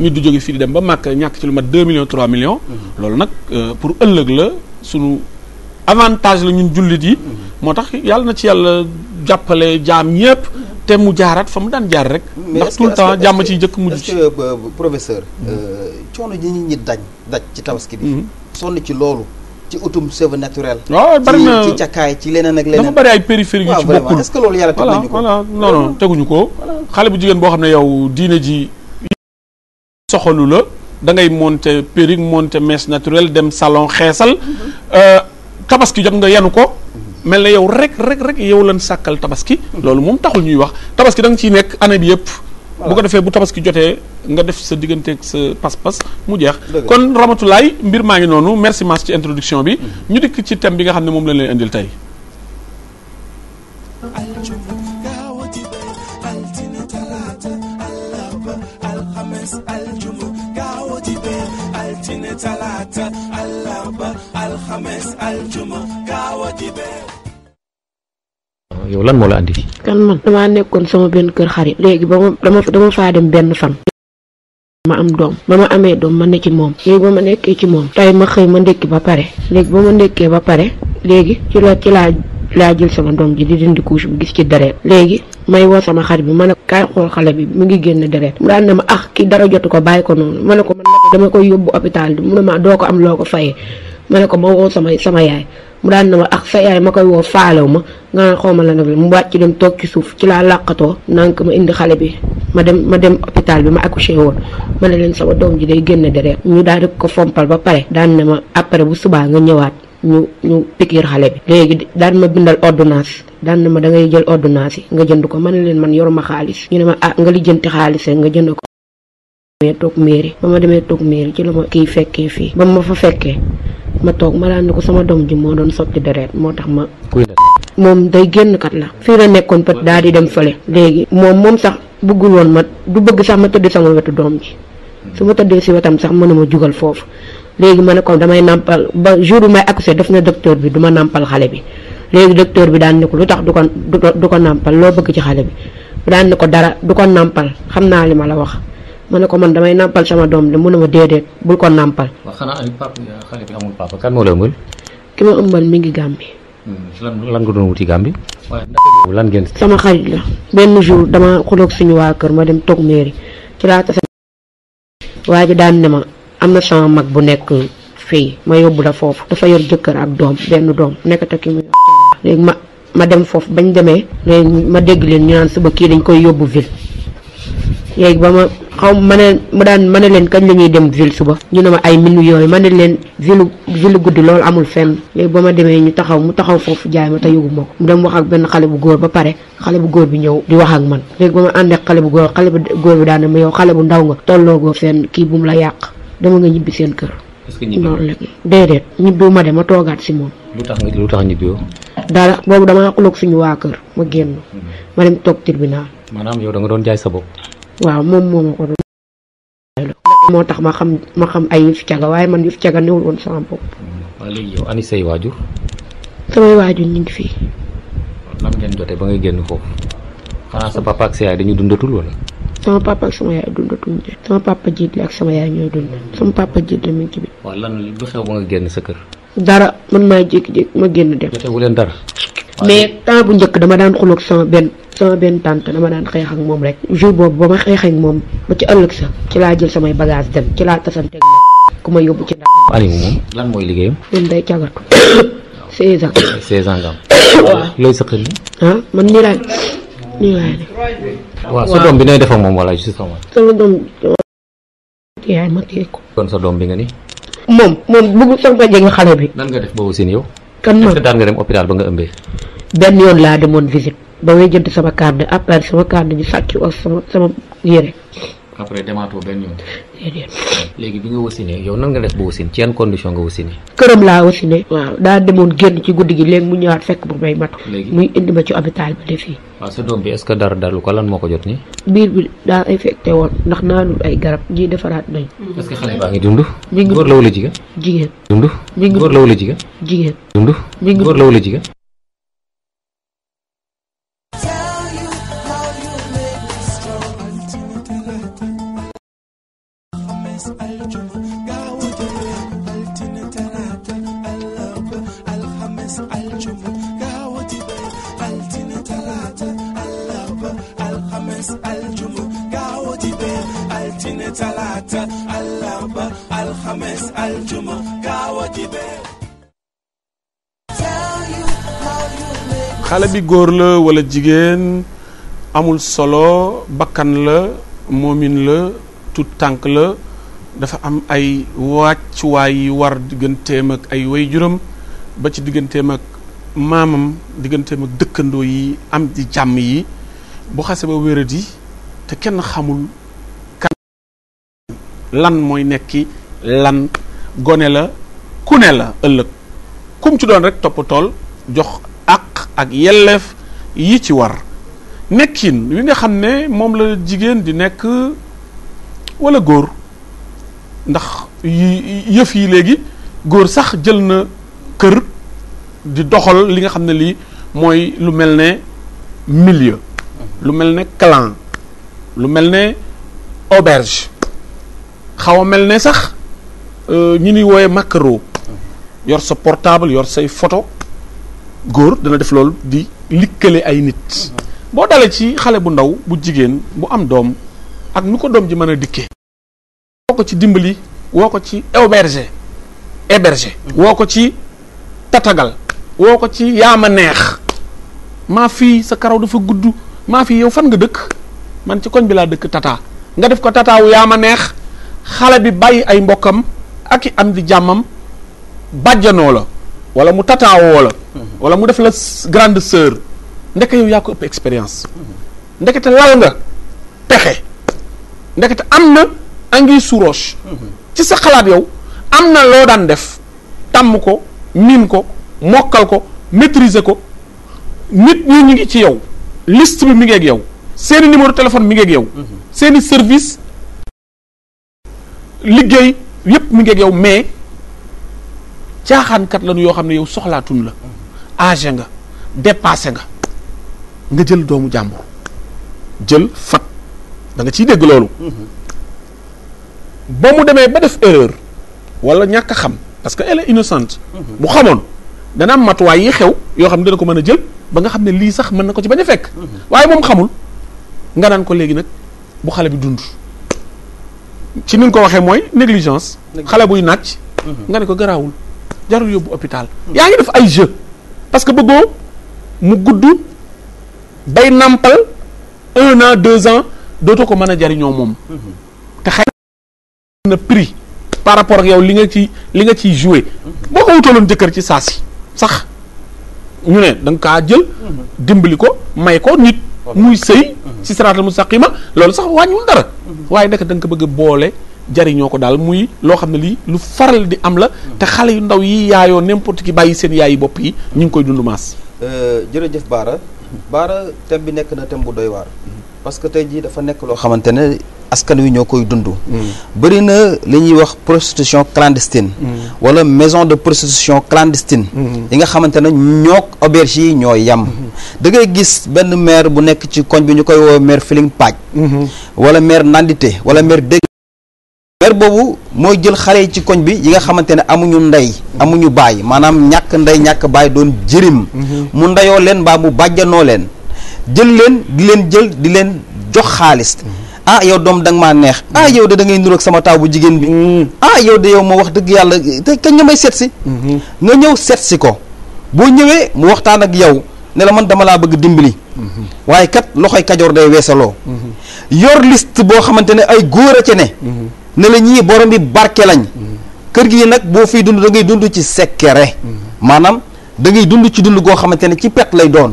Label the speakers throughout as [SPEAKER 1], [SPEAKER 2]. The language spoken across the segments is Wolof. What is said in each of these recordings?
[SPEAKER 1] nit du jóge fii di dem ba màkk ñàkk ci lu mat 2 millions 3 millions. Mm-hmm. loolu nag euh, pour ëllëg la sunu avantage la ñun jullit yi. Mm-hmm. moo tax yàlla na ci yàlla jàppale jaam ñépp. te mu jaaraat fa mu daan jaar rek. ndax tout le temps jàmm ci jëkk mujj ci
[SPEAKER 2] euh, euh, professeur. Mm-hmm. coono ñi ñi daj daj ci tabaski bi. sonn ci loolu. ci utum cheveux naturel. waaw bari na ci ci leneen ak leneen. dafa bari ay
[SPEAKER 1] périphérie ci bokkul waaw vraiment est teguñu ko. voilà non xale bu jigéen boo xam ne yow diine ji. soxalu la da ngay monter perruque monter mèche naturelle dem salon xeesal euh, tabaski jot nga yenu ko mel na yow rek rek rek yow lan sàkkal tabaski loolu moom taxul ñuy wax tabaski da nga ciy nekk année bi yëpp bu ko defee bu tabaski jotee nga def sa diggante ak sa pas-pas mu jeex kon Ramatoulaye mbir maa ngi noonu merci mas ci introduction bi ñu dikk ci thème bi nga xam ne moom la leen indil tey
[SPEAKER 3] ñëw lan moo la andi.
[SPEAKER 4] kan man damaa nekkoon sama benn kër xarit léegi ba ma dama dama faa dem benn fan. ma am doom ba ma amee doom ma ne ci moom léegi ba ma nekkee ci moom tey ma xëy ma ndékki ba pare léegi ba ma ndékkee ba pare léegi ci la ci laa laa jël sama doom ji di dindi couche bi gis ci deret léegi may woo sama xarit bi ma ne kaay xool xale bi mu ngi génn deret mu daan na ma ah kii dara jotu ko bàyyi ko noonu ma ne ko man dama koy yóbbu hôpital bi mu ne ma doo ko am ko fayee ma ne ko ma sama sama yaay mu daan na ma ak ah, sa yaay ma koy woo faalew ma nga xaw ma la nag la mu wàcc dem toog ci suuf ci laa làqatoo nank ma indi xale bi ma dem ma dem hôpital bi ma accouché woon ma ne leen sama doom ji day génn deret ñu daal di ko fompal ba pare daan na ma après bu subaa nga ñëwaat ñu ñu pikiir xale bi léegi daan ma bindal ordinance daan na ma da ngay jël ordinance yi nga jënd ko ma ne leen man yoruma xaalis ñu ne ma ah nga lijjanti xaalis nga jënd ko demee toog mairie ba ma demee toog mairie ci la ma kii fekkee fii ba ma fa fekkee ma toog ma na ko sama doom ji moo doon sotti deret moo tax ma. moom day génn kat la. fii la nekkoon pat daa di dem fële. léegi moom moom sax bëggul woon ma du bëgg sax ma tëdd sama wetu doom ji su ma tëddee si wetam sax ma jugal foofu léegi ma ne comme damay nàmpal ba jour bi may accusé def na docteur bi duma nàmpal xale bi léegi docteur bi daan ne ko lu tax du ko du ko nàmpal loo bëgg ci xale bi daan ne ko dara du ko nàmpal xam naa li ma la wax. ma ne ko man damay nàmpal sama doom de mu ne ma déedéet bul ko nàmpal. ki ma ëmbal mi ngi gàmbi.
[SPEAKER 3] Hmm, lan lan nga doon wuti gàmbi. waaw sama
[SPEAKER 4] xarit la benn jour dama xuloog suñu waa kër ma dem toog mairie ci laa tase. waa ji daan ne ma am na sama mag bu nekk fii ma yóbbu la foofu dafa yor jëkkër ak doom benn doom nekkate ki muy léegi ma ma dem foofu bañ demee léegi ma dégg leen ñu naan suba kii dañ koy yóbbu ville léegi ba ma xaw ma ne ma daan ma ne leen kañ la ñuy dem ville suba ñu ne ma ay minu yooyu ma ne leen ville ville guddi loolu amul fenn léegi ba ma demee ñu taxaw mu taxaw foofu jaay ma te yóbbu ma ko mu dem wax ak benn xale bu góor ba xale bu góor bi ñëw wax ak man léegi ma ànd xale bu góor xale bu góor bi daan na yow xale bu ndaw nga tolloo goo fenn kii bu mu la yàq dama nga ñibbi seen kër. est que ñibbi noonu la déedéet ñibbiwu ma de ma toogaat si moom.
[SPEAKER 3] lu tax nga lu tax ñibbiwoo.
[SPEAKER 4] dara boobu dama xuloog suñu waa kër ma génn mm-hmm. ma dem toog tribunal
[SPEAKER 3] maanaam yow da nga doon jaay sa bopp
[SPEAKER 4] waaw moom moo ma ko doon moo tax ma xam ma xam ay yëf caga waaye man yëf caga newul woon sama bopp.
[SPEAKER 3] waaw léegi yow ani say waajur.
[SPEAKER 4] samay waajur ñu ngi fii.
[SPEAKER 3] lan ngeen jotee ba ngay génn foofu. xanaa sa papa ak sa yaay dañuy dundatul wala.
[SPEAKER 4] sama papa ak sama yaay dundatul sama papa jiit ak sama yaay ñooy dund. sama papa jiit la mi ngi ci biir.
[SPEAKER 3] waaw lan lu xew ba nga génn sa kër.
[SPEAKER 4] dara man maa jékki-jékki ma génn dem. jotewu leen dara. mais temps bu njëkk dama daan xuloog sama benn sama benn tante dama daan xeex ak moom rek jour boobu ma xeex moom ci ëllëg ci laa jël samay bagage dem ci laa tasanteeg ku ma yóbbu ci ndax.
[SPEAKER 3] Aliou lan mooy liggéeyam.
[SPEAKER 4] moom day cagatu. 16 ans
[SPEAKER 3] 16 ans nga looy sa xel. ah man doom bi nooy def moom walla si sama.
[SPEAKER 4] sama doom ma téye ko. doom bi nga ni. moom moom bëgg sax nga jege xale bi.
[SPEAKER 3] nan nga def boobu seen yow. kan ma est-ce que daan nga dem hôpital ba nga ëmbee.
[SPEAKER 4] benn yoon laa demoon visite ba may jënd sama carte après sama carte ñu sàcc ak sama sama yére.
[SPEAKER 3] après demaatoo benn yoon. léegi bi nga wasinee yow nan nga def ba wasin ci yan condition nga wasinee.
[SPEAKER 4] këram laa wasinee. waaw daa demoon génn ci guddi gi léegi mu ñëwaat fekk bu may matu. muy indi ma ci hôpital bi def fii.
[SPEAKER 3] waaw sa doom bi est-ce dara dalu ko lan moo ko jot nii.
[SPEAKER 4] biir bi daa infecté woon ndax naanul ay garab ñii defaraat nañ. est-ce que xale baa ngi dund. ñu ngi góor la wala jigéen. jigéen. dund. ñu ngi góor la wala jigéen. jigéen. dund. ñu ngi góor la wala
[SPEAKER 1] talaata xale bi góor la wala jigéen amul solo bakkan la moomin la tut tànk la dafa am ay wàccuwaay yi war digganteem ak ay waajuram ba ci digganteem ak maamam digganteem ak dëkkandoo yi am di jàmm yi bu xase ba wéradi te kenn xamul lan mooy nekki lan gone la kune la ëllëg kum ci doon rek topp tool jox àq ak yelleef yi ci war nekkin wi nga xam ne moom la jigéen di nekk walla góor ndax yëf yi léegi góor sax jël na kër di doxal li nga xam ne lii mooy lu mel ne milieu lu mel ne clan lu mel ne auberge xaw a mel ne sax euh, ñu ni wooyee macro yor sa portable yor say photo góor dana def loolu di likkale ay nit boo dalee ci xale bu ndaw bu jigéen bu am doom ak nu ko doom ji mën a dikkee woo ko ci dimbali woo ko ci héberger héberger woo ko ci tatagal woo ko ci yaama neex maa fii sa karaw dafa gudd maa fi yow fan nga dëkk man ci koñ bi laa dëkk tata nga def ko tataawu yaama neex xale bi bàyyi ay mbokkam ak i am di jàmmam bàjjanoo la wala mu tataawoo la wala mu def la grande sœur ndeke yow yaa ko ëpp expérience ndekete lal nga pexe ndekete am na anguille sous roche ci sa xalaat yow am na loo daan def tàmm ko miin ko mokkal ko maîtriser ko nit ñi ñu ngi ci yow liste bi mi ngi ak yow seeni numéro téléphone mi ngi ak yow seeni service liggéey yépp mu ngi ak mais caaxaankat lañu yoo xam ne yow soxlaatun la âgé nga dépassé nga nga jël doomu jàmbur jël fat danga ciy dégg loolu mm-hmm. ba mu demee ba def erreur wala ñàkk xam parce que elle est innocente bu mm-hmm. xamoon dana am matuwaay yi xew yoo xam ne dana ko mën a jël ba nga xam ne lii sax mën na ko ci bañ a fekk mm-hmm. waaye moom xamul nga naan ko léegi nag bu xale bi dund ci ni ko waxee mooy négligence. xale buy nàcc. Mhm. nga ne ko garaawul jarul yóbbu hôpital. yaa ngi def ay jeu parce que bëggoo mu gudd bay nàmpal un an deux ans dootoo ko mën a jariñoo moom. Mhm. te xëy na prix par rapport ak yow li nga ci li nga ciy joué. Mhm. boo ko wutaloon jëkkër ci saa si sax ñu ne da nga kaa jël. dimbali ko may ko nit muy sëy. si siraatal mustaqima loolu sax wàññiwul dara waaye naka danga ko bëgg a boole jariñoo ko daal muy loo xam ne lii lu faral di am la te xale yu ndaw yi yaayoo n'importe qui bàyyi seen yaayi bopp yi ñu ngi koy dund maas
[SPEAKER 2] euh, jërëjëf Baara Baara thème bi nekk na thème bu doy waar parce que tey jii dafa nekk loo xamante
[SPEAKER 1] ne askan wi ñoo koy dund
[SPEAKER 5] mm.
[SPEAKER 2] bëri na li ñuy wax prostitution clandestine mm. wala maison de prostitution clandestine mm. yi nga xamante ne ñoo auberge yi ñoo yem mm-hmm. da ngay gis benn maire bu nekk ci koñ bi ñu koy woo maire Feeling Paaj mm-hmm. wala maire Nandité wala maire dégg maire boobu mooy jël xale yi ci koñ bi yi nga xamante ne amuñu ndey mm-hmm. amuñu baay maanaam ñàkk ndey ñàkk baay doon jërim mu ndeyoo leen mbaa mu bàjjanoo leen jël leen di leen jël di leen jox xaalis ah yow doom da nga maa neex ah yow de da ngay nuroog sama taaw bu jigéen bi mm. ah yow de yow ma wax dëgg yàlla te kañ nga may seet mm-hmm. nga ñëw seet si ko boo ñëwee mu waxtaan ak yow ne la man dama laa bëgg dimbali mm-hmm. waaye kat loxoy kajoor day weesaloo
[SPEAKER 5] mm-hmm.
[SPEAKER 2] yor liste boo xamante ne ay góor a ci ne ne la ñii borom bi barke lañ kër gi nag boo fiy dund da ngay dund ci sekkere maanaam da dund ci dund goo xamante ne ci pet lay doon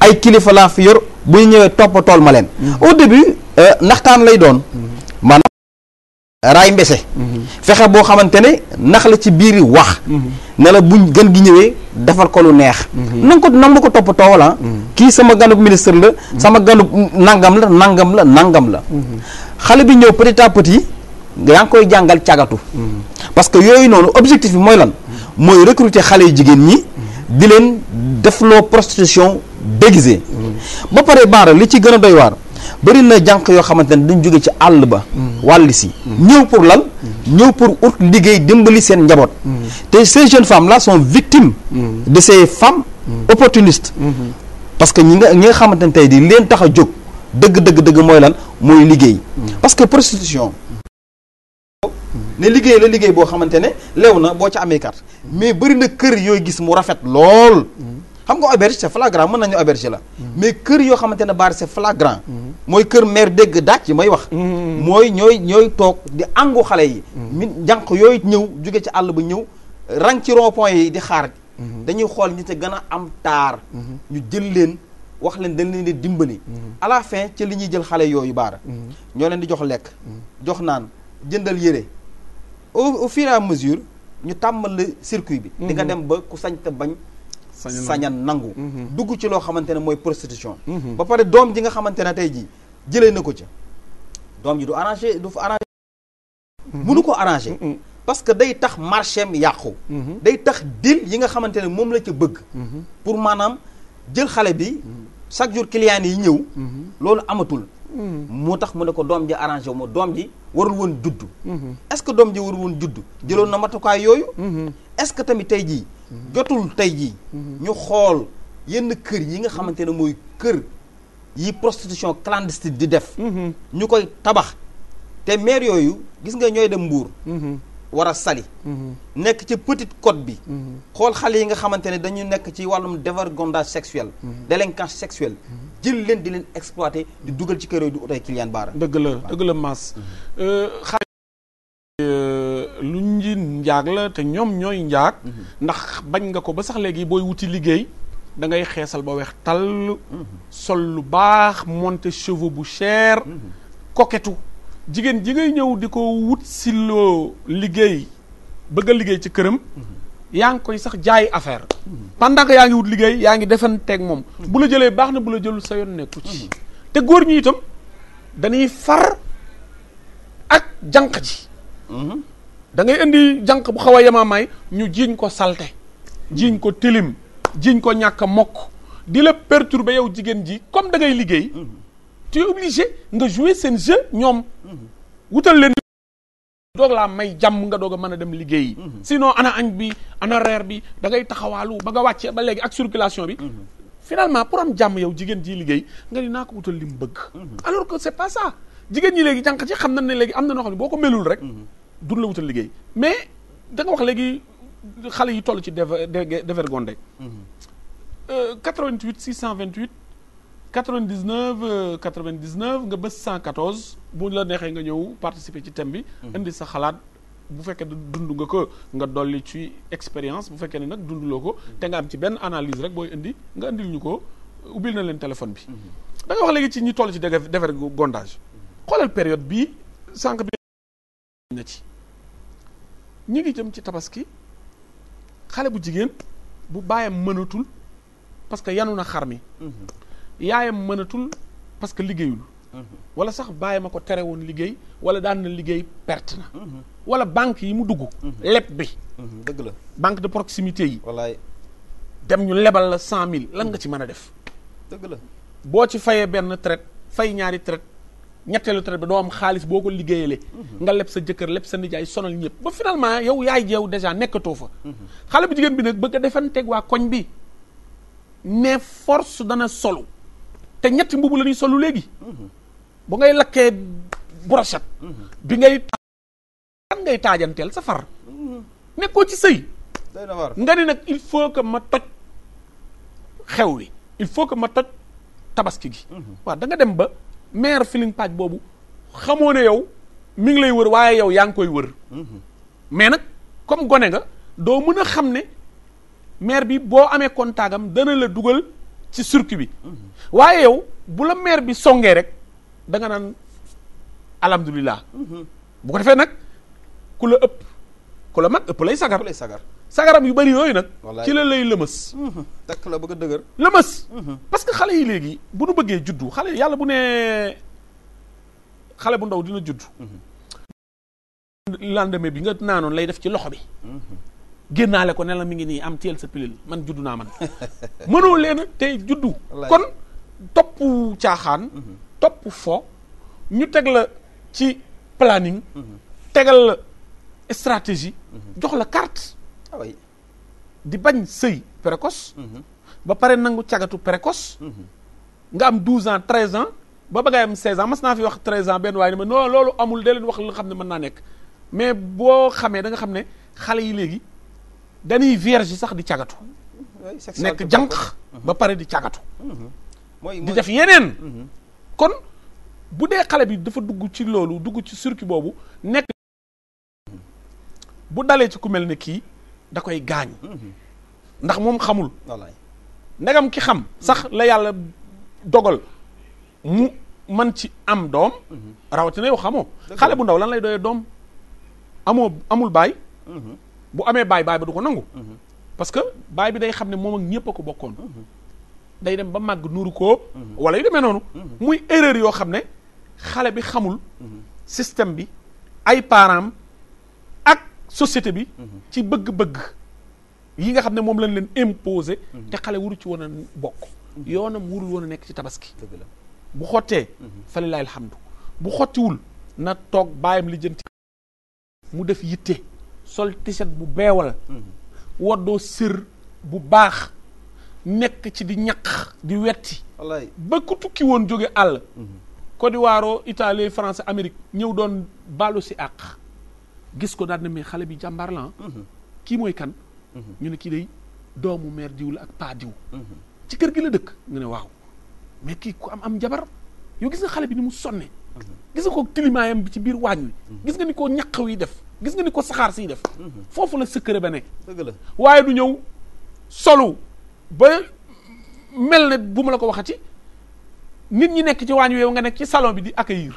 [SPEAKER 2] ay kilifa laa fi yor bu ñëwee toppatool Euh, naxtaan lay doon mhm. maanaam raay mbese mhm. fexe boo xamante ne nax la ci biir wax mhm. ne la buñ gën gi ñëwee defal ko lu neex nanga ko nang ko toppatoo wala ah. kii sama ganub ministre la sama ganub nangam la nangam la nangam la xale bi ñëw petit à petit yaa ngi koy jàngal cagatu parce que yooyu noonu objectif bi mooy lan mooy recruter xale yi jigéen ñi di leen defloo prostitution déguisée ba pare baara li ci gën a doy waar bëri na jànq yoo xamante ne dañ jóge ci àll ba mm. wàll si ñëw pour lan ñëw pour ut liggéey dimbali seen njaboot mm. te ces jeunes femmes là sont victimes mm. de ces femmes opportunistes mm-hmm. parce que ñi nga ñi nga xamante ne tey di leen tax a jóg dëgg dëgg dëgg mooy lan mooy liggéey parce que prostitution ne liggéey la liggéey boo xamante ne lew na boo ca amee carte mais bëri na kër yooy gis mu rafet lool xam nga auberge c'est flagrant mën nañu auberge la mais kër yoo xamante ne baar c'est flagrant mooy kër maire dégg daaj yi may wax mooy ñooy ñooy toog di àngu xale yi min jànq yooyu ñëw jóge ci àll ba ñëw rang ci rond point yi di xaar dañuy xool ñi te gën a am taar ñu jël leen wax leen dañ leen di dimbali à fin ci li ñuy jël xale yooyu baara ñoo leen di jox lekk jox naan jëndal yére au fur et mesure ñu tàmbal la circuit bi di nga mhm. dem ba ku sañta bañ sañan nangu mhm. dugg ci loo xamante ne mooy prostitution mhm. ba pare doom ji nga xamante ne tey ji jëlee na ko ca doom ji du arrangé du fa arrangé mhm. munu ko arrangé parce que day tax marché am yàqu day tax deal yi nga xamante ne moom la ca bëgg pour maanaam jël xale bi chaque jour client yi ñëw loolu amatul moo tax mu ne ko doom ji arrangé wu ma doom ji warul woon judd est-ce que doom ji warul woon judd jëloon na matukaay yooyu est tamit tey jii jotul tey jii. Mhm. ñu xool yenn kër yi nga xamante ne mooy kër yi prostitution clandestine di def. Mhm. ñu koy tabax te maire yooyu gis nga ñooy dem mbuur mhm. war a sali. nekk ci petite côte bi. xool xale yi nga xamante ne dañu nekk ci wàllum dévergondage sexuel. délinquance sexuelle.
[SPEAKER 1] jël leen di leen exploité di dugal ci kër yi du ut ay client baara. dëgg la dëgg la maas. Euh, lu nji njaag la te ñoom ñooy njaag mhm. ndax bañ nga ko ba sax léegi booy wuti liggéey da ngay xeesal ba weex tàll mhm. sol lu baax monter cheveux bu cher koketu mhm. jigéen ji ngay ñëw di ko wut si loo liggéey bëgg a liggéey ci këram yaa ngi koy sax jaay affaire pendant que yaa ngi wut liggéey yaa ngi defanteeg moom bu la jëlee baax na bu la jëlul sa yoon nekku ci te góor ñi itam dañuy far ak jànq ji da ngay indi jànq bu xaw a yemamaay ñu jiiñ ko salte jiiñ ko tilim jiiñ ko ñàkk a mokk di la perturber yow jigéen ji comme dangay ngay liggéey tu es nga jouer seen jeu ñoom wutal leen doog laa may jàmm nga doog a mën a dem liggéey sinon ana añ bi ana reer bi da ngay taxawaalu ba nga wàccee ba léegi ak circulation bi finalement pour am jàmm yow jigéen ji liggéey nga ni naa ko wutal li mu bëgg alors que c'est pas ça jigéen ñi léegi jànq ci xam na ne am na noo boo ko melul rek dun la wutal liggéey mais danga wax léegi xale yi toll ci dévergondé 88 628 99 99 nga bës 114 bu la neexee nga ñëw participer ci thème bi mhm. indi sa xalaat bu fekkee dund nga ko nga dolli ci expérience bu fekkee ni nag loo ko mhm. te nga am ci benn analyse rek booy indi nga indil ñu ko ubbil na leen téléphone bi mhm. da wax léegi ci ñu toll ci dévergondage xoolal période bii sànq bi na ci ñu ngi jëm ci tabaski xale bu jigéen bu baayam mënatul parce que yanu na xar mi mm-hmm. yaayam mënatul parce que liggéeyul mm-hmm. wala sax bàyyi ma ko tere woon liggéey wala daan na liggéey perte na mm-hmm. wala banque yi mu dugg leb bi dëgg la banque de proximité yi wallaay dem ñu lebal la cent mille lan nga ci mën a def dëgg la boo ci fayee benn traite fay ñaari trait ñetteelu traite bi doo am xaalis boo ko liggéeyale nga leb sa jëkkër leb sa nijaay sonal ñëpp ba finalement yow yaay jeew déjà nekkatoo fa xale bu jigéen bi nag bëgg a defanteeg waa koñ bi mais force dana solu te ñetti mbubu la ñuy solu léegi bu ngay lakkee brochette bi ngay kan ngay taajanteel sa far nekkoo ci sëy nga ni nag il faut que ma toj xew wi il faut que ma toj tabaski gi mhm. waaw da nga dem ba maire Feeling Patch boobu xamoo ne yow mu ngi lay wër waaye yow yaa ngi koy wër. Mhm. mais nag comme gone nga doo mën a xam ne maire bi boo amee contact am dana la dugal ci circuit bi. Mhm. waaye yow bu la maire bi songee rek da nga naan alhamdulilah. Mhm. bu ko defee nag ku la ëpp ku la mag ëpp lay sagar lay sagar. sagaram yu bari yooyu nag ci la lay lëmës mhm. takk la bëgg a dëgër lëmës mhm. parce que xale yi léegi bu nu bëggee juddu xale yàlla bu nee xale bu ndaw dina judd mhm. lendemain bi nga naanoon lay def ci loxo bi génnaale ko ne la mi ngi nii am teel sa pilil man juddu naa man mënoo leen tey juddu kon topp caaxaan topp fo ñu teg la ci planning tegal la stratégie jox la carte di bañ sëy précoce. Mhm. ba pare nangu cagatu précoce. Mhm. nga am 12 ans 13 ans ba ba ngay am 16 ans mas naa fi wax 13 ans benn waaye ni ma non loolu amul da leen wax lu xam ne mën naa nekk mais boo xamee danga xam ne xale yi léegi dañuy vierge sax di cagatu.
[SPEAKER 5] nekk jànq mhm. ba
[SPEAKER 1] pare di càggatu mooy di def yeneen. kon bu dee xale bi dafa dugg ci loolu dugg ci circuit boobu nekk. dalee ci ku mel ne kii. da koy gaañ mhm. ndax moom xamul ndegam ki xam sax la yàlla dogal mu man ci am doom mhm. rawatina yow xamoo xale bu ndaw lan lay doyee doom amoo amul baay mhm. bu amee baay baay ba du ko nangu parce que baay bi day xam ne moom ak ñépp a ko bokkoon day dem ba màgg nuru koo wala yu demee noonu muy erreur yoo xam ne xale bi xamul système bi ay parents société bi mhm. ci bëgg-bëgg yi nga xam ne moom lañ leen imposé mhm. te xale waru ci woon a bokk mhm. yoonam warul woon a nekk ci tabaski bu xottee fa lilaay bu xottiwul na toog bàyyam lijjanti mu def yitte sol tiset bu beewal woddoo sër bu baax nekk ci di ñaq di wetti ba ku tukki woon jóge àll Côte Italie France Amérique ñëw doon baalu si àq gis ko daal ne mais xale bi jàmbaar la ah. mhm. kii mooy kan mhm. ñu ne kii day doomu meer diw la ak paa diw mhm. ci kër gi la dëkk nga ne waaw mais kii ku am am jabar yow gis nga xale bi ni mu sonne gis ko bi ci biir waañ wi gis nga ni ko ñaq wi def gis nga ni ko saxaar siy def foofu la sëkkëre ba ne dëgg la waaye du ñëw solu ba mel ne bu ma la ko waxati nit ñi nekk ci waañ wi yow nga nekk ci salon bi di accueillir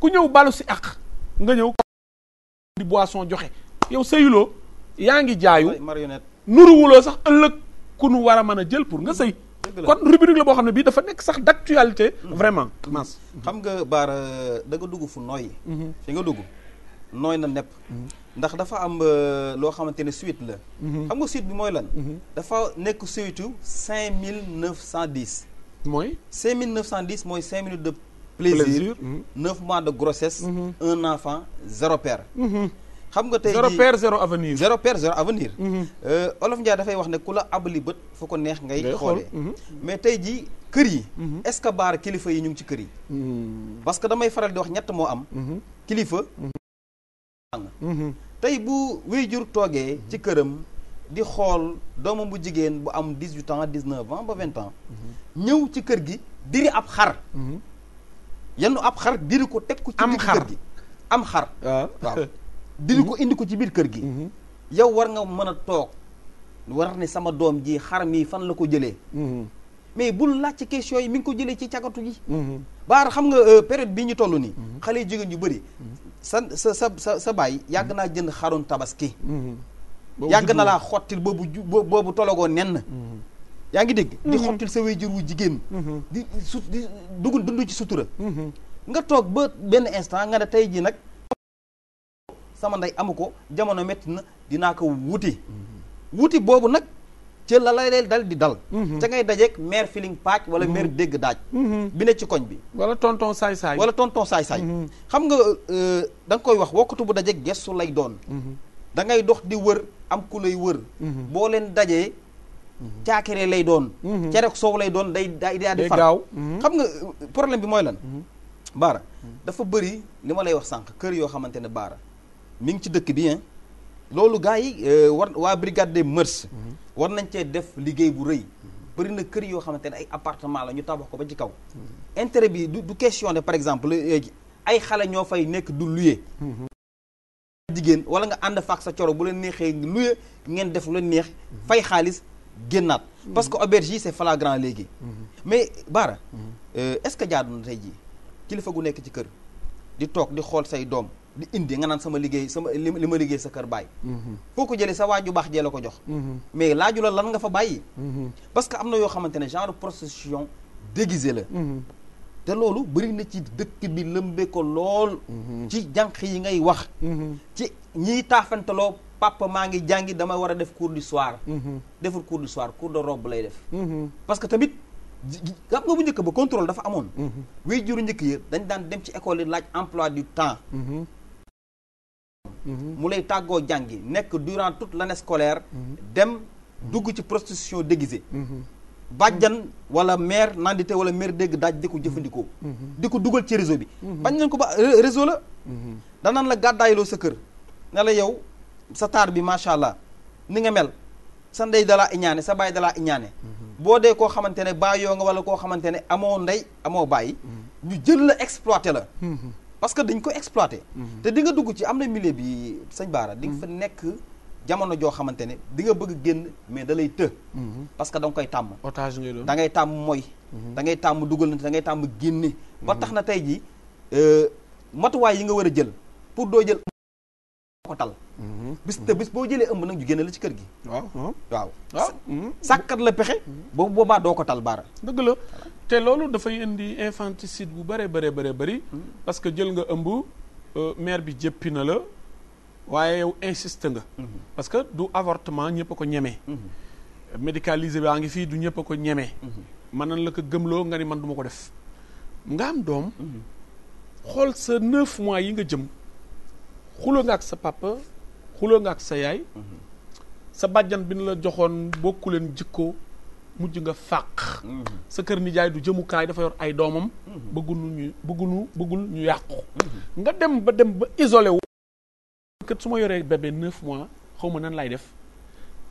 [SPEAKER 1] ku ñëw balu si àq nga ñëw di boisson joxe yow sëyuloo yaa ngi jaayu nuruwuloo sax ëllëg ku nu war a mën a jël pour nga sëy kon rubrique la boo xam ne bii dafa nekk sax d'actualité mm-hmm. vraiment mas
[SPEAKER 2] mm-hmm. xam nga baara da nga dugg fu nooy mm-hmm. fi nga dugg nooy na nepp ndax dafa am euh, loo xamante ne suite la xam nga suite bi mooy lan dafa nekk suite cinq mille neuf cent dix mooy cinq mille neuf cent mooy cinq minutes de plaisir mm-hmm. neuf mois de grossesse mm-hmm. un enfant zéro père mm-hmm. xam nga tey zéro père zéro avenir zéro père zéro avenir euh, olof Ndiaye dafay wax ne ku la abali bët fu ko neex ngay xoolee mais tey jii kër yi que baar kilifa yi ñu ngi ci kër parce que damay faral di wax ñett moo am kilifa tey bu waajur toogee ci këram di xool doomam bu jigéen bu am dix-huit ans dix-neuf ans ba vingt ans ñëw ci kër gi diri ab xar yenn ab xar diri ko teg ko ci biir kër gi am xar waaw ah. waaw diri ko indi ko ci biir kër gi mhm. yow war nga mën a toog war ne sama doom ji xar mii fan la ko jëlee mhm. mais bul laaj ci question yi mi ngi ko jëlee ci cagatu gi mhm. baar xam nga euh, période bii ñu toll nii xale jigéen yu bëri sa sa sa sa sa baay yàgg naa jënd xarum tabaski yàgg na laa xottil boobu boobu tologoo nen yaa ngi dégg. di mhm. xottil sa waajur wu jigéen. Mhm. di su di dugg dund ci sutura. Mhm. nga toog ba benn instant nga ne tey jii nag. sama ndey amu ko jamono metti na dinaa ko wuti. wuti boobu nag ci la la lay dal di dal. ca ngay dajeeg mère filing pàcc wala mère dégg daaj. bi ne ci koñ bi. wala tonton saay saay. wala tonton saay saay. xam nga euh, da nga koy wax wokkatu bu dajeeg gestu lay doon. dangay dox di wër am ku lay wër. boo leen dajee. caakere mm-hmm. lay doon mm-hmm. cere ak soow lay doon day day daal mm-hmm. xam nga uh, problème bi mooy lan baara dafa bëri li ma lay wax sànq kër yoo xamante ne baara mi ngi ci dëkk bi loolu gars yi euh, war waa brigade des mœurs war nañ cee def liggéey bu rëy bëri na kër yoo xamante ne ay appartement la ñu tabax ko ba ci kaw intérêt bi du question de par exemple euh, ay xale ñoo fay nekk du luye jigéen wala nga ànd faak sa coro bu leen neexee luye ngeen def lu neex fay xaalis génnaat parce que auberge yi c'est flagrant léegi mais Bara euh, est-ce que jaadu na tey jii kilifa gu nekk ci kër di toog di xool say doom di indi nga naan sama liggéey sama li ma liggéey sa kër bàyyi foo ko jële sa waaju baax jee la ko jox mais laaju la lan nga fa bàyyi parce que am na yoo xamante ne genre procession déguisé la te loolu bëri na ci dëkk bi lëmbe ko lool mhm. ci jànq yi ngay wax mhm. ci ñiy taafantaloo papa maa ngi jàngi dama war a def cours du soir. Mhm. deful cours du soir cours de robe lay def. Mhm. parce que tamit xam nga bu njëkk ba contrôle dafa amoon. Mhm. wéy juru njëkk yi dañ daan dem ci école yi laaj emploi du temps. mu lay tàggoo yi nekk durant toute l'année scolaire. dem dugg ci prostitution déguisée. bàjjan wala mère nandité wala maire dégg daaj di ko jëfandikoo. di ko dugal ci réseau bi. bañ nañ ko ba euh, réseau la. danaan la gàddaayloo sa kër ne la yow. sa taar bi macha allah ni nga mel sa ndey dalaa iñaane sa baay dalaa iñaane mm-hmm. boo dee koo xamante ne baayoo nga wala koo xamante ne amoo ndey amoo baay mm-hmm. ñu jël la exploité la mm-hmm. parce que dañ ko exploité te di nga dugg ci am na milieu bi sañ Baara di nga nekk jamono joo xamante ne di nga bëgg génn mais da lay të parce que da koy tàmm
[SPEAKER 1] otage ngay doon da
[SPEAKER 2] ngay tàmm mooy da ngay tàmm dugalante da ngay tàmm génne ba tax na tey ji euh, matuwaay yi nga war a jël pour doo jël ko tal Mm-hmm. bis te bis boo jëlee ëmb nag ñu génne la ci kër gi. waaw mm-hmm.
[SPEAKER 1] waaw waaw. Ah. Mm-hmm. sàkkat la pexe. boobu boobaa doo ko tal baara. dëgg la te loolu dafay indi infanticide bu bëree bëree bëree bëri. parce que jël nga ëmb euh, maire bi jëppi na la waaye yow insiste nga. parce que du avortement ñëpp ko ñeme. médicalisé baa ngi fii du ñëpp ko ñeme. mën nañ la ko gëmloo nga ni man duma ko def. nga am doom. xool sa neuf mois yi nga jëm. xuloo nga ak sa papa. xuloo nga ak sa yaay sa bàjjan bi ñu la joxoon bokku leen jikko mujj nga fàq sa kër nijaay du jëmukaay dafa yor ay doomam bëggul ñu bëggul bëggul ñu yàqu nga dem ba dem ba isolé wu kat su ma yoree bébé neuf xaw ma nan lay def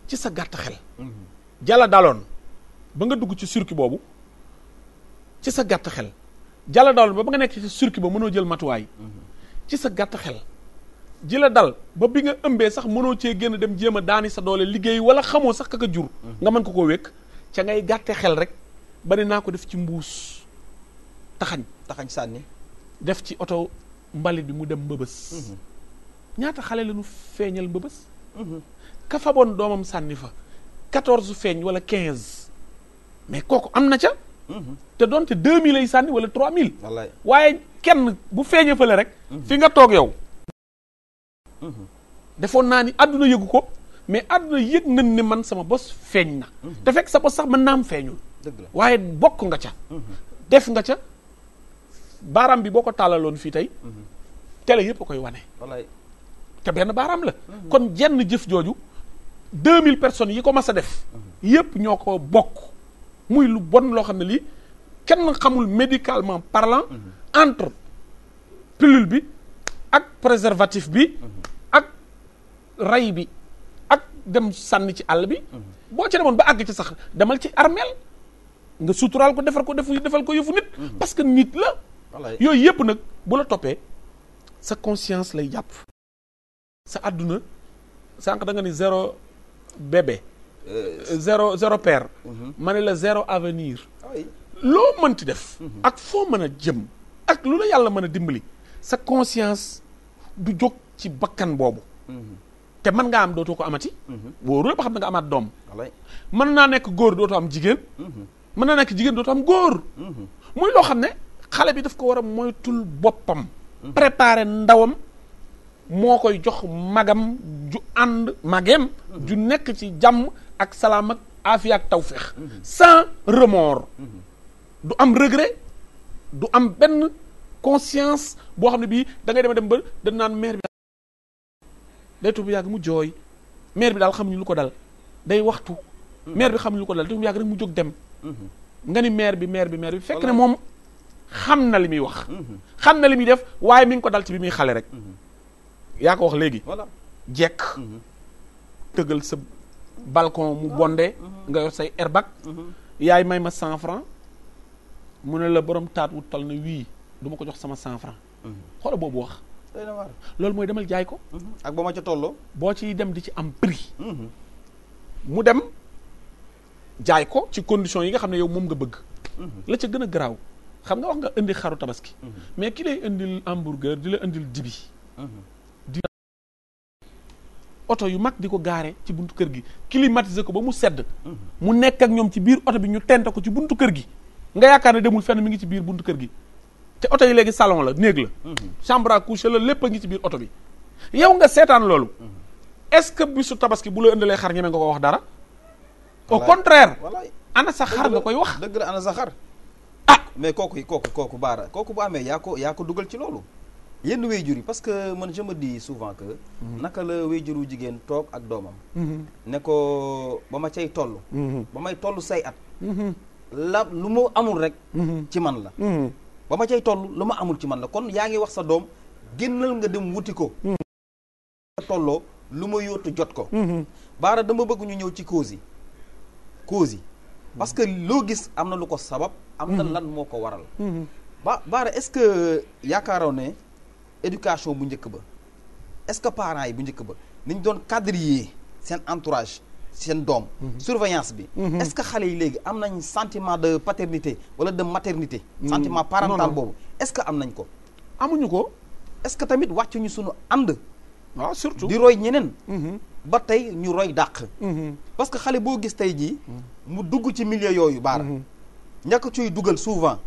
[SPEAKER 1] ci sa gàtt xel jala daloon ba nga dugg ci circuit boobu ci sa gàtt xel jala daloon ba ba nga nekk ci circuit ba mënoo jël matuwaay ci sa gàtt xel ji la dal ba bi nga ëmbee sax mënoo cee génn dem jéem a daani sa doole liggéey wala xamoo sax kaka jur nga mën ko koo wékk ca ngay gàtte xel rek bari naa ko def ci mbuus taxañ taxañ sànni def ci oto mbalit bi mu dem mbëbës mhm. ñaata xale la feeñal mbëbës mhm. ka faboon doomam sànni fa quatorze feeñ wala quinze mais kooku am na ca mhm. te doonte deux mille lay sànni wala trois mille waaye kenn bu feeñee fële rek fi nga toog yow defoon naa ni àdduna yëgu ko mais àdduna yëg nañ ne man sama bos feeñ na. Mhm. te fekk sa bos sax mën naa am feeñul. dëgg la waaye bokk nga ca. Mhm. def nga ca baaraam bi boo ko tàllaloon fii tey. Mhm. tele yëpp a koy wane. wallaay te benn baaraam la. kon jenn jëf jooju deux mille personnes yi ko ma a def. yëpp ñoo ko bokk. muy lu bon loo xam ne lii kenn xamul médicalement parlant. entre pilule bi. préservatif bi mhm. ak ray bi ak dem sànni ci àll bi mhm. boo ci demoon ba àgg ci sax demal ci armeel nga suturaal ko defar ko defu defal ko yëfu nit mhm. parce que nit la yooyu yëpp nag bu la toppee sa conscience lay jàpp sa àdduna sànq da nga ni zéro bébé euh, euh, zéro zéro père ma la zéro avenir ah loo mënti def ak foo mën a jëm ak lu la yàlla mën a dimbali sa conscience du jóg ci bakkan boobu mhm. te mën ngaa am dootu ko amati mhm. wóoru ba xam ne nga amaat doom mën naa nekk góor dootu am jigéen mhm. mën naa nekk jigéen dootoo am góor muy loo xam ne xale bi daf ko war a moytul boppam préparer ndawam moo koy jox magam ju ànd mageem ju nekk ci jàmm ak salaam ak aafiya ak tawféex sans remords du am regret du am benn conscience boo xam ne bii dangay ngay dem dem ba dañ naan maire bi day toog bu yàgg mu jooy maire bi daal xamuñu lu ko dal day waxtu maire bi xamuñu lu ko dal day toog yàgg rek mu jóg maire bi maire bi maire bi fekk ne moom xam na li muy wax xam na li muy def waaye mi ngi ko dal ci bi muy xale rek yaa ko wax léegi jekk tëggal sa balcon mu bonde nga yor say airbag mhm. yaay may ma cent franc mu ne la borom taat wu tal na wii duma ko jox sama cent franc mhm. xoola boobu wax loolu mooy demal jaay ko mhm. ak ba ma ca tolloo boo ciy dem di ci am prix mhm. mu dem jaay ko ci condition yi nga xam ne yow moom nga bëgg la ca gën a garaaw xam nga wax nga indi xaru tabaski mais ki lay indil hamburger di la indil dibi di oto yu mag di ko gaare ci buntu kër gi kilimatise ko ba mu sedd mu nekk ak ñoom ci biir oto bi ñu tent ko ci buntu kër gi nga yaakaar ne demul fenn mu ngi ci biir buntu kër gi te oto yi léegi salon la néeg la. chambre à coucher la lépp a ngi ci biir oto bi. yow nga seetaan loolu. est-ce que bisu tabaski bu la ëndalee xar ñeme nga ko wax dara. au contraire. ana sa xar nga koy wax. dëgg la ana sa xar.
[SPEAKER 2] ah mais kooku yi kooku kooku baara kooku bu amee yaa ko yaa ko dugal ci loolu. yenn wéyjur yi parce que man je me di souvent que. Mhm. naka la wéyjuru jigéen toog ak doomam. Mhm. ne ko ba ma cay toll. Mhm. ba may toll say at. la lu mu amul rek. ci man la. ba ma cay toll lu ma amul ci man la kon yaa ngi wax sa doom génnal nga dem wuti ko hmm. tolloo lu ma yootu jot ko hmm, hmm. baara dama bëgg ñu ñëw ci cause yi cause yi parce que loo gis am na lu ko sabab am na lan moo ko waral ba baara est-ce que yaakaaroon ne éducation bu njëkk ba est-ce que parents yi bu njëkk ba niñ doon quadriller seen entourage seen doom mhm. surveillance bi mhm. est-ce xale yi léegi am nañ sentiment de paternité wala de maternité mhm. sentiment parental boobu est-ce que am nañ ko amuñu ko est-ce que tamit wàccuñu suñu ànd waaw ah, surtout di roy ñeneen ba tey ñu roy dàq parce que xale boo gis tey jii mu dugg ci milieu yooyu baar ñàkk ciy dugal souvent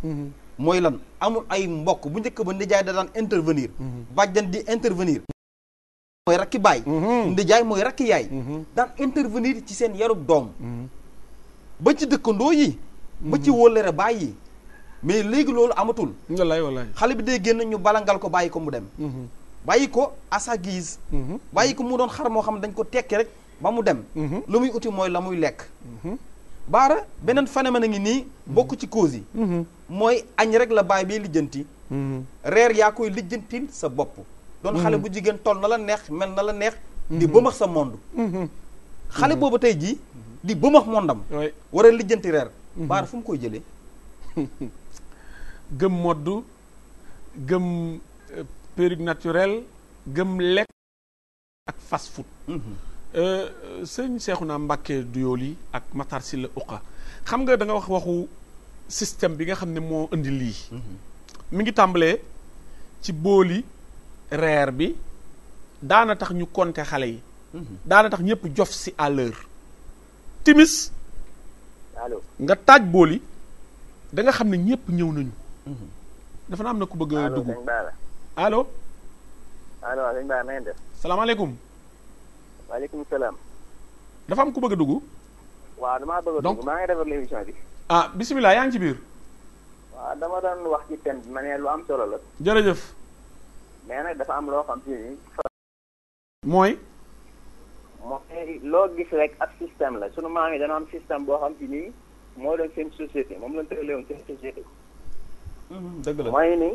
[SPEAKER 2] mooy lan amul ay mbokk bu njëkk ba nijaay da daan intervenir bàjjan di intervenir mooy rakki baay. Mhm. ndijaay mooy rakki yaay. Mhm. daan intervenir ci seen yarub doom. Mhm. ba ci dëkkandoo yi. ba ci wóllare baay yi. mais léegi loolu amatul. wallaay wallaay xale bi day génn ñu balangal ko bàyyi ko mu dem. bàyyi ko à sa guise. bàyyi ko mu doon xar moo xam dañ ko tekki rek ba mu dem. lu muy uti mooy la muy lekk. baara beneen phénomène a ngi nii bokk ci cause yi. mooy añ rek la baay bi lijjanti. reer yaa koy lijjantil sa bopp. doon mhm. xale bu jigéen toll na la neex mel na la neex mhm. di bëmax sa monde mhm. xale boobu tey jii di bëmax mondam am a lijjanti reer baar fu mu koy jëlee
[SPEAKER 1] gëm moddu gëm euh, perruque naturelle gëm lekk ak fast food euh, euh, sëñ Seexuna Mbàkke Duyooli ak Matar Sylla Uqa xam nga da wax waxu système bi nga xam ne moo indi lii mi ngi tàmbalee ci booli reer bi daana tax ñu konte xale yi mhm. daana tax ñëpp jof si à l'heure timis nga taaj bool yi da xam ne ñëpp ñëw nañu mhm. dafa na am na ku bëgg a dugg allo allo sëñ Ba na ngeen def salaamaaleykum waaleykum dafa am ku bëgg dugg
[SPEAKER 6] waaw damaa bëgg a maa ngi defar l'émission
[SPEAKER 1] ah bisimilah yaa ngi ci biir
[SPEAKER 6] waaw dama doon wax ci thème am solo la
[SPEAKER 1] jërëjëf
[SPEAKER 6] mais nag dafa am loo xam si mooy. mooy loo gis rek ab système la sunu maam yi dana am boo xam si nii moo doon seen société moom lañ tëralee woon seen société. Mm-hmm, dëgg la mooy ni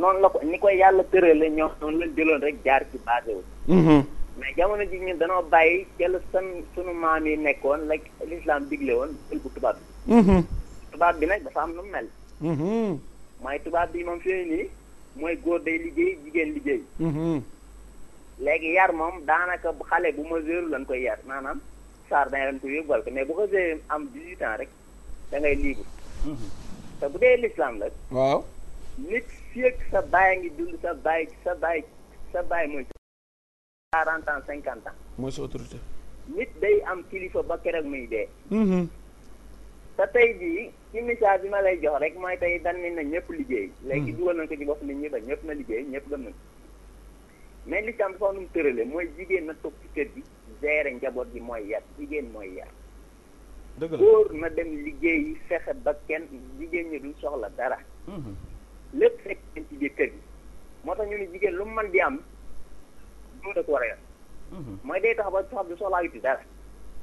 [SPEAKER 6] noonu la ko ni ko yàlla tëralee ñoom noonu lañ jëloon rek jaar ci basé wu. Mm-hmm. mais jamono ji ñun danoo bàyyi jël san sunu maam yi nekkoon la lislaam digle woon jël bu tubaab bi. Mm-hmm. tubaab bi nag dafa nu mu mel. mooy tubaab bi moom fii nii. mooy góor day liggéey jigéen liggéey. Mm-hmm. léegi yar moom daanaka xale bu ma mesure lañ koy yar maanaam saar dañ leen ko yóbbuwal ko mais bu ko see am 18 ans rek da ngay libre. Mm-hmm. te bu dee lislaam la. waaw nit fii sa baay a ngi dund sa baay sa baay sa baay mooy. 40 ans cinquante ans. mooy sa autorité. nit day am kilifa ba keroog muy dee. Mm-hmm. te tey jii ci message bi ma lay jox rek mooy tey dan ni na ñëpp liggéey. Hmm. léegi dugal nañ ko ci bopp nit ñi ba ñëpp na liggéey ñëpp gëm nañ mais li tam dafa nu mu tëralee mooy jigéen na top ci kër gi gérer njaboot gi mooy yar jigéen mooy yar.
[SPEAKER 5] dëgg la góor
[SPEAKER 6] dem liggéey fexe ba kenn jigéen ñi duñ soxla dara. Hmm. lépp fekk nañ ci biir moo tax ñu ne jigéen lu mu mën di am dund ko war a yor. Hmm. mooy day tax ba tax du soxlaa yu ci dara.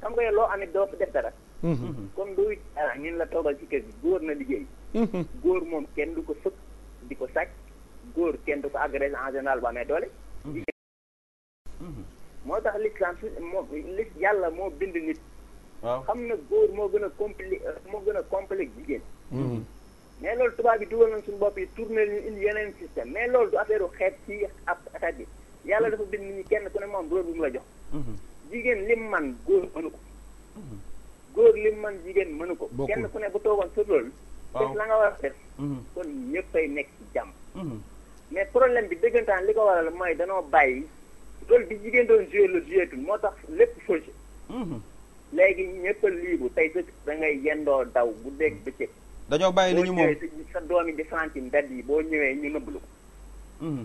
[SPEAKER 6] xam nga loo amee doo ko def dara.
[SPEAKER 5] comme
[SPEAKER 6] booy dara ñun la toogal ci kër gi góor na liggéey. Mm-hmm. góor moom kenn du ko sëkk di ko sàcc góor kenn du ko agressé en général ba amee doole.
[SPEAKER 5] Mm-hmm. Mm-hmm.
[SPEAKER 6] moo tax l'islam su moom li yàlla moo bind nit. waaw xam na góor moo gën a compli moo gën a complexe jigéen. mais loolu tubaab bi dugal nañ bopp yi tourné ñu yeneen système mais loolu du affaire u xeet ci ab xeet bi yàlla dafa bind nit kenn ku ne moom rôle bu mu la jox. jigéen lim man góor mënu ko. góor li mu mën jigéen mënu ko. kenn ku ne bu toogoon sur loolu. waaw la nga war a def. Mhm. kon ñëppay nekk ci jàmm. Mhm. mais problème bi dëggantaan li ko waral mooy danoo bàyyi loolu bi jigéen doon joué la joué moo tax lépp faussé. Mhm. léegi ñëpp a liibu tey dëkk da ngay yendoo daw bu dégg bëccëg.
[SPEAKER 2] dañoo bàyyi li ñu moom
[SPEAKER 6] sa doom yi di sant mbedd yi boo ñëwee ñu nëblu.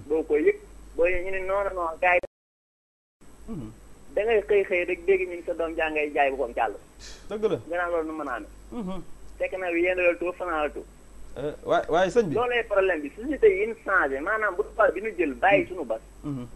[SPEAKER 6] boo ko yëg boo ñu ne noonu noonu gars da xëy xëy rek dégg ñu sa doom jàngay jaay bu ko jàll. dëgg la nga naan loolu nu mën a amee. Mhm. fekk na yéen a tu fanaa la tu.
[SPEAKER 5] Euh, waaye waaye sëñ bi. loolee problème bi société yi ñu changé maanaam bu tubaab bi ñu jël bàyyi hmm. suñu bas. Mhm.